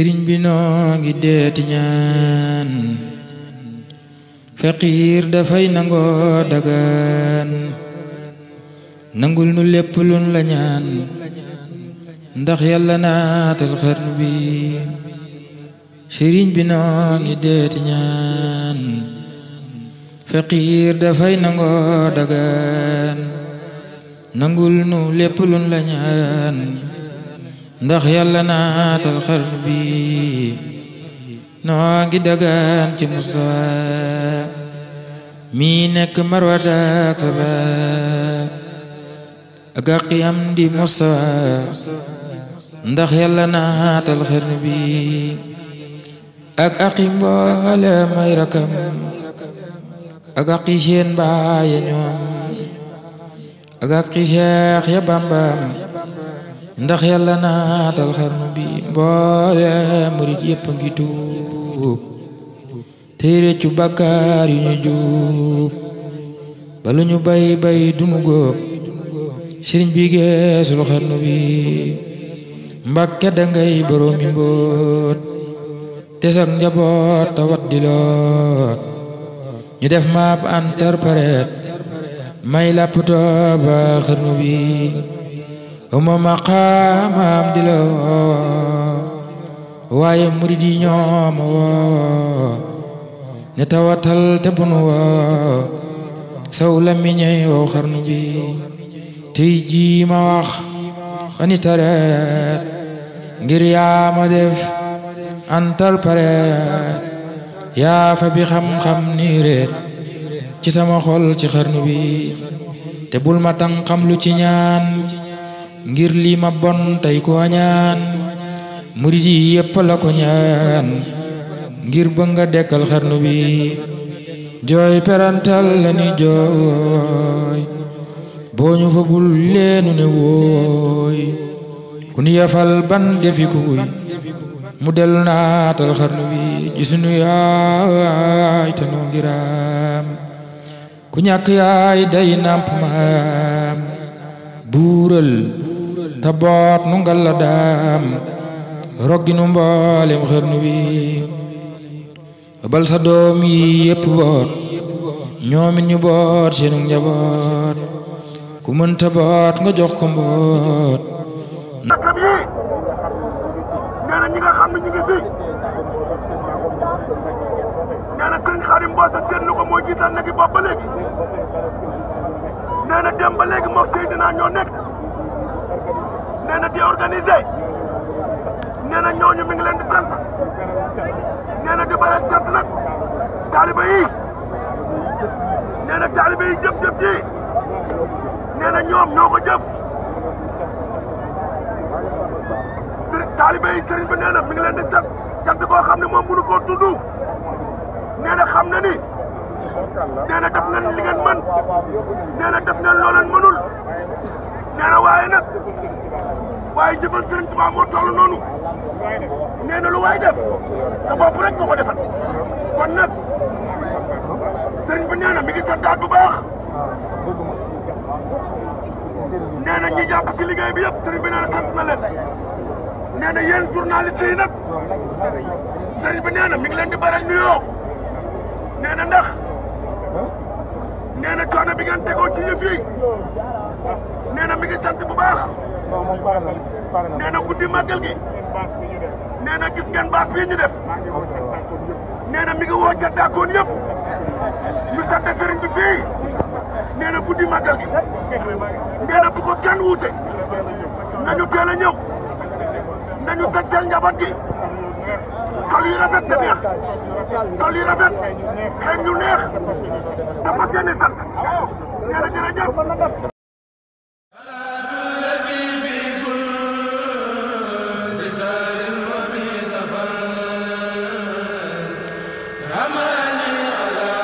sëriñ bi noo ngi deeti ñaan faqiir dafay nangoo dagaan nangul nu lépp luñ la ndax yàlla naatal xarnu bi sëriñ bi noo ngi deeti faqiir dafay nangoo dagaan nangul nu lépp luñ la ndax yàlla naatal xarnu bi noo ngi dagaan ci Musaa mi nekk marwata ak safa ak aqiyam di Musaa ndax yàlla naatal xarnu bi ak aqi mboole may rakam aqi seen baaya ñoom ak aqi Seex ya Bàmbaam ndax yàlla naatal xarnu bi mboole murit yëpp ngi tuub tey réccu bàkkaar yu ñu juub balu ñu bay bay dunu góob sëriñ bi geesul xarnu bi mbàkke dangay boroomi mbóot te sak njaboot tawat di loot ñu def maap interprète may làpp tooba xarnu bi uma maqaamam di la woo waaye murid yi ñooma woo ne tawatal te bunu woo saw la miñey woo xarnu bi tey jii ma wax ani tareet ngir yaa ma def antal pareet yaa fa bi xam-xam nii reet ci sama xol ci xarnu bi te bul ma tan lu ci ñaan ngir lii ma bon tey ko ñaan murid yi yépp la ko ñaan ngir bëgg nga dekkal xarnu bi jooy perantal la ni jooy boo ñu fa bul leenu ne wooy ku nu yafal ban defi mu dellu naatal xarnu bi di yaay te noo ku ñàkk yaay day nàmp maam buural te boot nu ngal la daam roggi nu mboolem xërnu wi bal sa doom yi yëpp boot ñoomit ñu boot seenu njaboot ku mënta boot nga jox ko mboot nee na dem ba léegi moom Seydina ñoo nekk nee na di organisé nee na ñooñu mi ngi leen di sant nee na di baral cant nag taaliba yi nee ji nee ñoom ñoo ko jëf taaliba sëriñ bi nee na mi ngi leen di sant cant xam ne moom mënu koo tudd nee na xam na ni nee def ngeen li ngeen mën nee def ngeen loo leen mënul nee na waaye nag waaye jëfal Serigne Touba moo toll noonu nee na lu waay def sa bopp rek nga ko defal kon nag Serigne bi na mi ngi santaat bu baax nee na ñi jàpp ci liggéey bi yëpp Serigne bi nee na sant na leen nee na yéen journaliste mi ngi leen di baral nuyoo nee na ndax. ngeen tegoo ci yëf yi mi ngi sant bu baax nee na guddi màggal gi nee na gis ngeen baas bii ñu mi ngi woo caddaakoon yëpp ñu sant sëriñ bi fii nee na guddi màggal gi nee na bu ko kenn wuute nañu teel a ñëw nañu gi tool yu rafet te neex tool yu rafet xëy ñu neex dafa a sant